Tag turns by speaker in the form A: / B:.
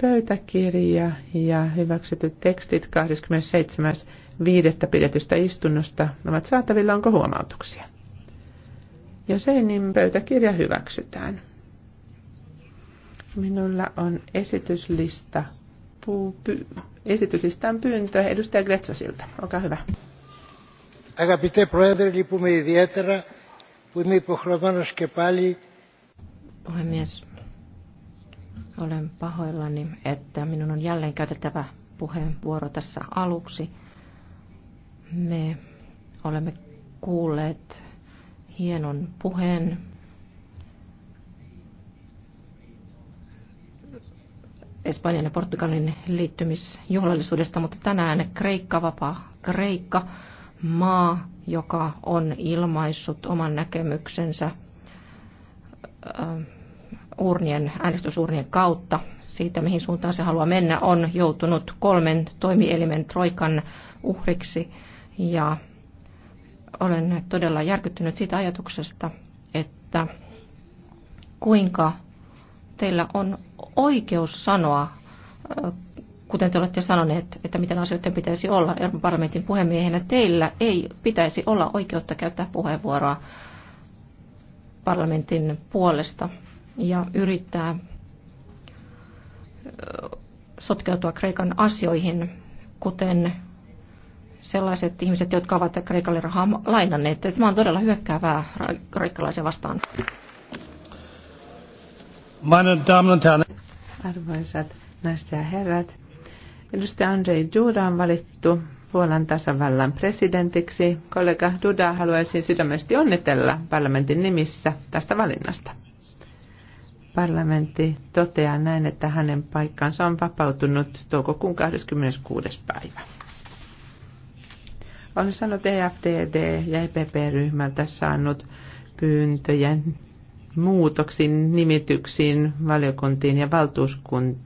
A: Pöytäkirja ja hyväksytyt tekstit 27.5. pidetystä istunnosta ovat saatavilla. Onko huomautuksia? Jos ei, niin pöytäkirja hyväksytään. Minulla on esityslista, puu, py, esityslistan pyyntö edustaja Gretsosilta. Olkaa hyvä.
B: Agapite Πρόεδρε, λυπούμε ιδιαίτερα Puhemies, olen pahoillani, että minun on jälleen käytettävä puheenvuoro tässä aluksi. Me olemme kuulleet hienon puheen Espanjan ja Portugalin liittymisjuhlallisuudesta, mutta tänään Kreikka, vapaa Kreikka, maa, joka on ilmaissut oman näkemyksensä urnien, äänestysurnien kautta siitä, mihin suuntaan se haluaa mennä, on joutunut kolmen toimielimen troikan uhriksi. Ja olen todella järkyttynyt siitä ajatuksesta, että kuinka teillä on oikeus sanoa, kuten te olette sanoneet, että miten asioiden pitäisi olla Euroopan parlamentin puhemiehenä, teillä ei pitäisi olla oikeutta käyttää puheenvuoroa parlamentin puolesta ja yrittää sotkeutua Kreikan asioihin, kuten sellaiset ihmiset, jotka ovat Kreikalle rahaa lainanneet. Tämä on todella hyökkäävää
A: kreikkalaisia vastaan. Arvoisat naiset ja herrat, edustaja Andrei Duda on valittu Puolan tasavallan presidentiksi. Kollega Duda haluaisin sydämesti onnitella parlamentin nimissä tästä valinnasta parlamentti toteaa näin, että hänen paikkansa on vapautunut toukokuun 26. päivä. On sanonut EFDD ja EPP-ryhmältä saanut pyyntöjen muutoksiin, nimityksiin, valiokuntiin ja valtuuskuntiin.